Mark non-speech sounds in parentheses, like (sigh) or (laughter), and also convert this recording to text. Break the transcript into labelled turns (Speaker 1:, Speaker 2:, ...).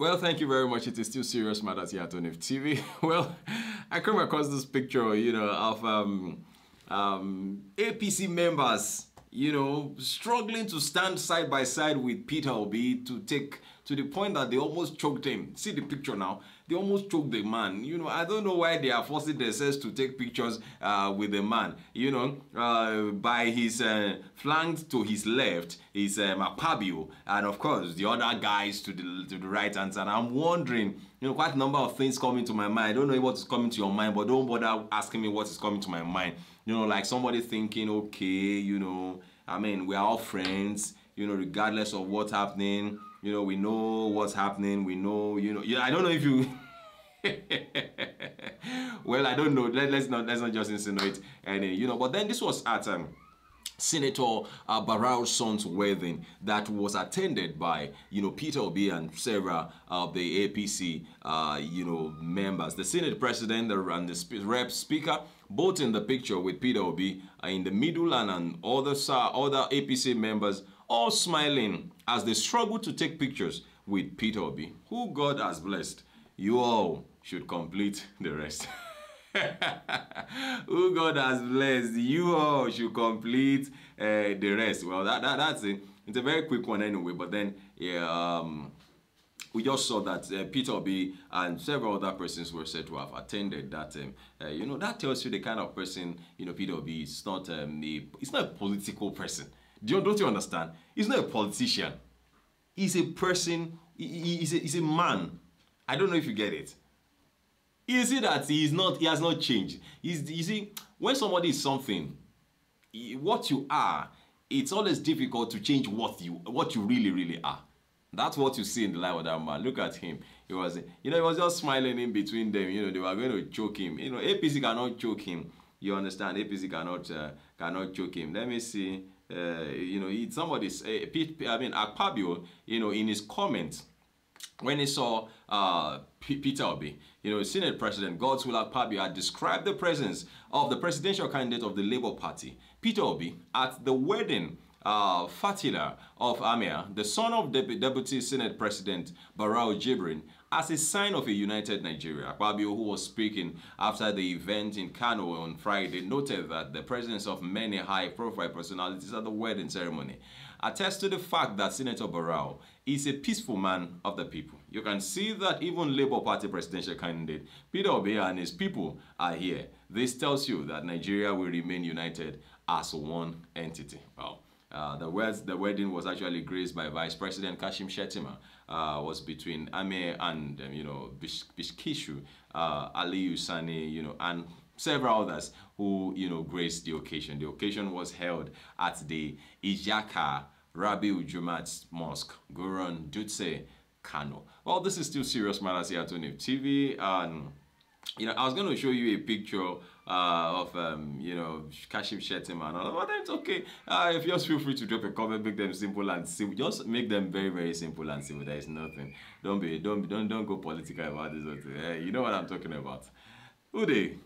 Speaker 1: Well, thank you very much. It is still serious matters here at ONIF TV. (laughs) well, I come across this picture, you know, of um, um, APC members, you know, struggling to stand side by side with Peter Obi to take to the point that they almost choked him. See the picture now. They almost choked the man. You know, I don't know why they are forcing themselves to take pictures uh, with the man. You know, uh, by his uh, to his left is um, and of course the other guys to the to the right hand And I'm wondering, you know, quite a number of things coming to my mind. I don't know what is coming to your mind, but don't bother asking me what is coming to my mind. You know, like somebody thinking, okay, you know, I mean, we are all friends. You know, regardless of what's happening you know, we know what's happening. We know, you know, yeah, I don't know if you. (laughs) well, I don't know. Let, us not let's not just insinuate any, you know. But then this was at um, Senator uh, Barrow's son's wedding that was attended by, you know, Peter Obi and several of the APC, uh, you know, members. The Senate President and the Rep Speaker, both in the picture with Peter Obi uh, in the middle and, and other, uh, other APC members all smiling as they struggle to take pictures with Peter Obi, who God has blessed. You all should complete the rest. (laughs) who God has blessed, you all should complete uh, the rest. Well, that, that that's it. It's a very quick one anyway, but then yeah, um, we just saw that uh, Peter B and several other persons were said to have attended that. Um, uh, you know, that tells you the kind of person, you know, Peter B is not um, a, it's not a political person. Do you, don't you understand? He's not a politician. He's a person, he, he's, a, he's a man. I don't know if you get it. You see that he is not, he has not changed. He's, you see, when somebody is something, what you are, it's always difficult to change what you, what you really, really are. That's what you see in the life of that man. Look at him. He was, you know, he was just smiling in between them. You know, they were going to choke him. You know, APC cannot choke him. You understand? APC cannot uh, cannot choke him. Let me see. Uh, you know, somebody's uh, eh, I mean, Akpabio, you know, in his comments when he saw uh, Peter Obi, you know, Senate President God's will, Akpabio had described the presence of the presidential candidate of the Labour Party, Peter Obi, at the wedding uh, Fatila of Amia, the son of Dep Deputy Senate President Barao Jibrin, as a sign of a united Nigeria. Akpabio, who was speaking after the event in Kano on Friday, noted that the presence of many high-profile personalities at the wedding ceremony attests to the fact that Senator Barao is a peaceful man of the people. You can see that even Labour Party presidential candidate Peter Obi and his people are here. This tells you that Nigeria will remain united as one entity. Well, uh, the, wed the wedding was actually graced by Vice President Kashim Shetima, uh, was between Ame and, um, you know, Bish Bishkishu, uh, Ali Usani, you know, and several others who, you know, graced the occasion. The occasion was held at the Ijaka Rabi Ujumat Mosque, Goron Dutse, Kano. Well, this is still Serious Matters here at TV. And, you know, I was going to show you a picture uh, of, um, you know, Kashim Shettima and all oh, that, but it's okay. Uh, if you just feel free to drop a comment, make them simple and simple. Just make them very, very simple and simple. There is nothing. Don't be, don't, don't, don't go political about this. you know what I'm talking about. Uday.